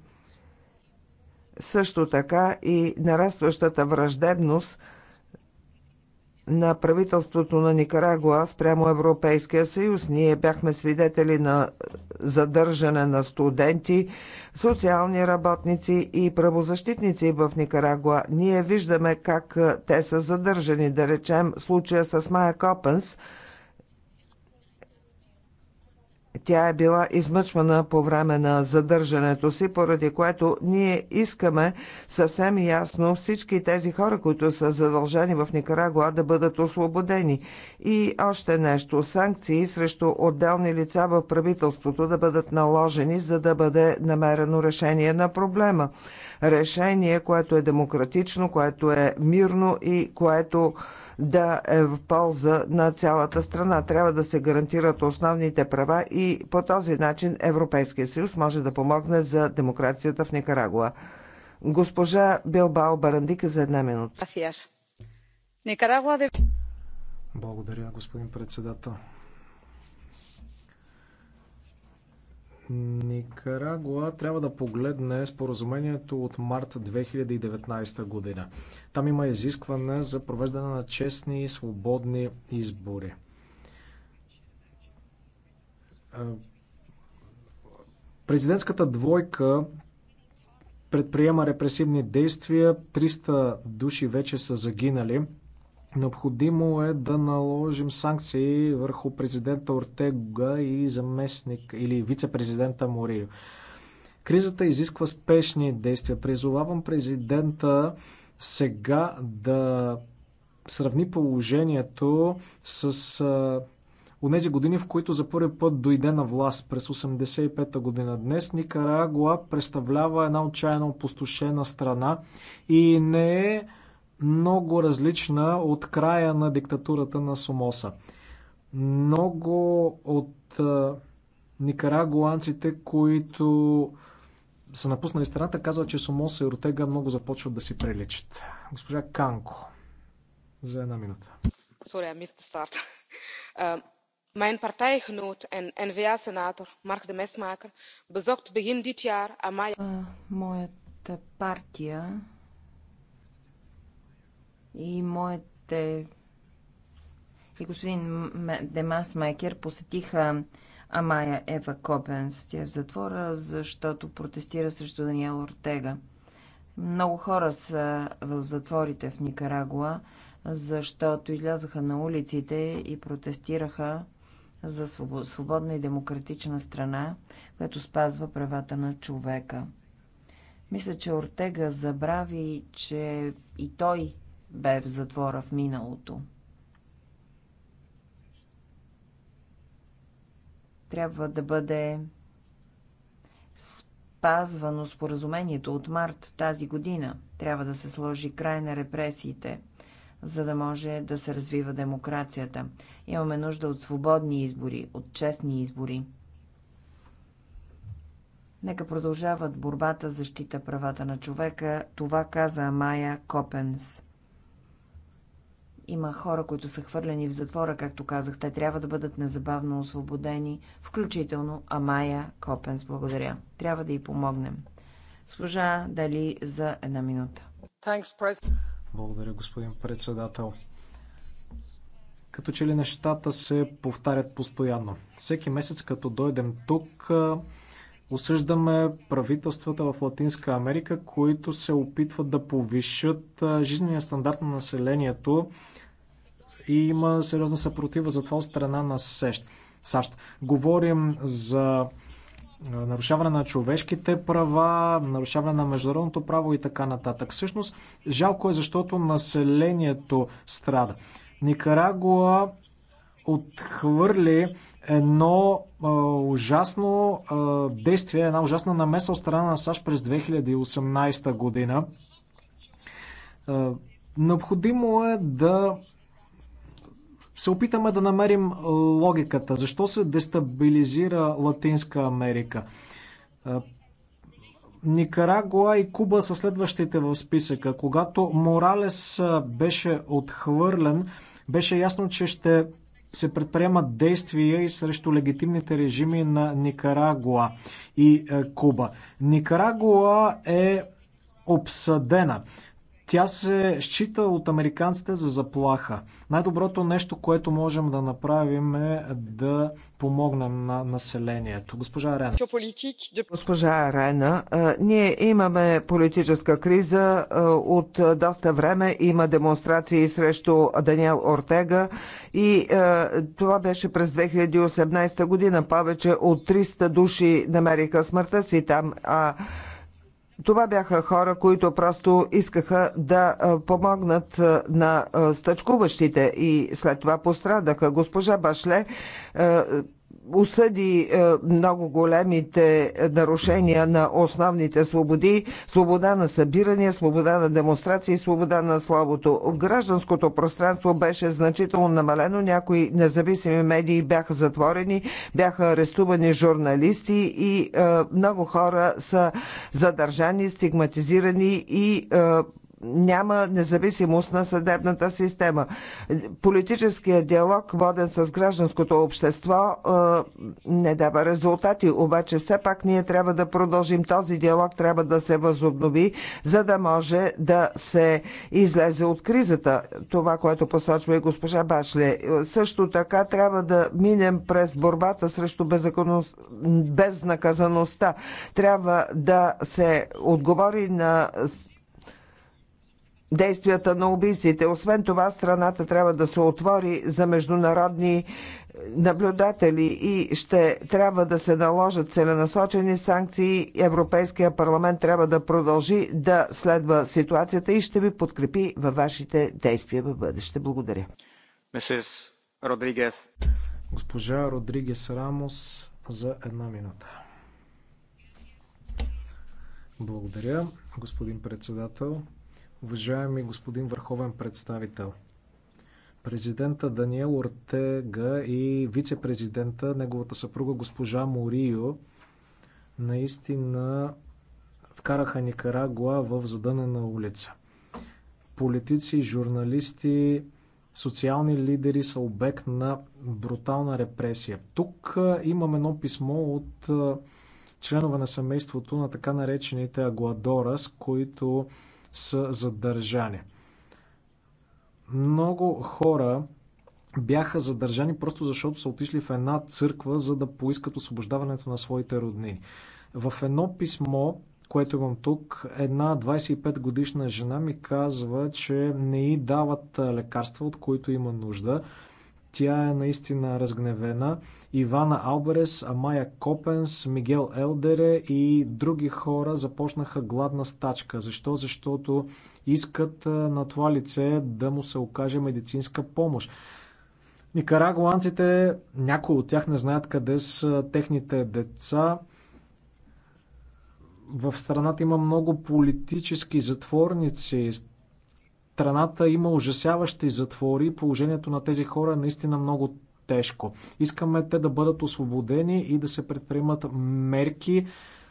Също така и нарастващата враждебност – на правителството на Никарагуа спрямо Европейския съюз. Ние бяхме свидетели на задържане на студенти, социални работници и правозащитници в Никарагуа. Ние виждаме как те са задържани, да речем случая с Майя Копенс – тя е била измъчвана по време на задържането си, поради което ние искаме съвсем ясно всички тези хора, които са задължени в Никарагуа, да бъдат освободени. И още нещо санкции срещу отделни лица в правителството да бъдат наложени, за да бъде намерено решение на проблема. Решение, което е демократично, което е мирно и което да е в полза на цялата страна. Трябва да се гарантират основните права и по този начин Европейския съюз може да помогне за демокрацията в Никарагуа. Госпожа Билбао Барандика за една минута. Благодаря, господин председател. Никарагуа трябва да погледне споразумението от март 2019 година. Там има изискване за провеждане на честни и свободни избори. Президентската двойка предприема репресивни действия. 300 души вече са загинали. Необходимо е да наложим санкции върху президента Ортега и заместник или вице-президента Морио. Кризата изисква спешни действия. Призовавам президента сега да сравни положението с а, онези години, в които за първи път дойде на власт през 85-та година. Днес Никарагуа представлява една отчаяно опустошена страна и не е много различна от края на диктатурата на Сомоса. Много от а, никарагуанците, които са напуснали страната, казват, че Сомоса и Ротега много започват да си приличат. Госпожа Канко, за една минута. Sorry, I missed the start. Uh, mijn partijgenoot en nva va senator Mark de Mesmaker bezocht begin dit jaar Amaya... Uh, моята партия и моите и господин Демас Майкер посетиха Амая Ева Копенс. Тя е в затвора, защото протестира срещу Даниел Ортега. Много хора са в затворите в Никарагуа, защото излязаха на улиците и протестираха за свободна и демократична страна, която спазва правата на човека. Мисля, че Ортега забрави, че и той бе в затвора в миналото. Трябва да бъде спазвано споразумението от март тази година. Трябва да се сложи край на репресиите, за да може да се развива демокрацията. Имаме нужда от свободни избори, от честни избори. Нека продължават борбата защита правата на човека. Това каза Майя Копенс. Има хора, които са хвърлени в затвора, както казах. Те трябва да бъдат незабавно освободени, включително Амая Копенс. Благодаря. Трябва да й помогнем. Служа Дали за една минута. Благодаря, господин председател. Като че ли нещата се повтарят постоянно. Всеки месец, като дойдем тук, Осъждаме правителствата в Латинска Америка, които се опитват да повишат жизнения стандарт на населението и има сериозна съпротива за това от страна на САЩ. Говорим за нарушаване на човешките права, нарушаване на международното право и така нататък. Всъщност, жалко е, защото населението страда. Никарагуа отхвърли едно а, ужасно а, действие, една ужасна намеса от страна на САЩ през 2018 година. А, необходимо е да се опитаме да намерим логиката. Защо се дестабилизира Латинска Америка? Никарагуа и Куба са следващите в списъка. Когато Моралес беше отхвърлен, беше ясно, че ще се предприемат действия и срещу легитимните режими на Никарагуа и е, Куба. Никарагуа е обсъдена. Тя се счита от американците за заплаха. Най-доброто нещо, което можем да направим е да помогна на населението. Госпожа Арена. Госпожа Арена, ние имаме политическа криза. От доста време има демонстрации срещу Даниел Ортега и това беше през 2018 година. Повече от 300 души намериха смъртта си там. А това бяха хора, които просто искаха да помогнат на стъчкуващите и след това пострадаха. Госпожа Башле осъди е, много големите нарушения на основните свободи, свобода на събиране, свобода на демонстрации, свобода на В Гражданското пространство беше значително намалено, някои независими медии бяха затворени, бяха арестувани журналисти и е, много хора са задържани, стигматизирани и е, няма независимост на съдебната система. Политическия диалог, воден с гражданското общество, не дава резултати, обаче все пак ние трябва да продължим. Този диалог трябва да се възобнови, за да може да се излезе от кризата. Това, което посочва и госпожа Башле. Също така трябва да минем през борбата срещу безнаказаността. Трябва да се отговори на действията на убийците. Освен това, страната трябва да се отвори за международни е, наблюдатели и ще трябва да се наложат целенасочени санкции. Европейския парламент трябва да продължи да следва ситуацията и ще ви подкрепи във вашите действия в бъдеще. Благодаря. Месис Родригес. Госпожа Родригес Рамос за една минута. Благодаря, господин председател. Уважаеми господин Върховен представител, президента Даниел Ортега и вице-президента, неговата съпруга госпожа Морио, наистина вкараха Никарагуа в задънена улица. Политици, журналисти, социални лидери са обект на брутална репресия. Тук имам едно писмо от членове на семейството на така наречените Агуадорас, които са задържани. Много хора бяха задържани просто защото са отишли в една църква, за да поискат освобождаването на своите роднини. В едно писмо, което имам тук, една 25 годишна жена ми казва, че не й дават лекарства, от които има нужда. Тя е наистина разгневена. Ивана Алберес, Амая Копенс, Мигел Елдере и други хора започнаха гладна стачка. Защо? Защото искат на това лице да му се окаже медицинска помощ. Никарагуанците, някои от тях не знаят къде са техните деца. В страната има много политически затворници страната има ужасяващи затвори. Положението на тези хора е наистина много тежко. Искаме те да бъдат освободени и да се предприемат мерки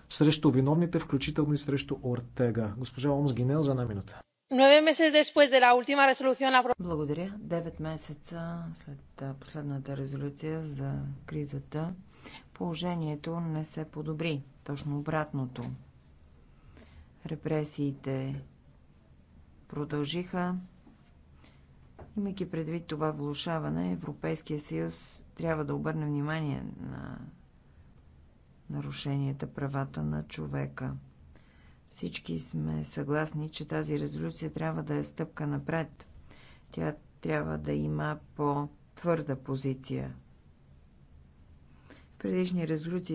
срещу виновните, включително и срещу Ортега. Госпожа Омс Гинел за една минута. Благодаря. Девет месеца след последната резолюция за кризата положението не се подобри. Точно обратното. Репресиите продължиха. Имайки предвид това влушаване, Европейския съюз трябва да обърне внимание на нарушенията правата на човека. Всички сме съгласни, че тази резолюция трябва да е стъпка напред. Тя трябва да има по-твърда позиция. В предишни резолюции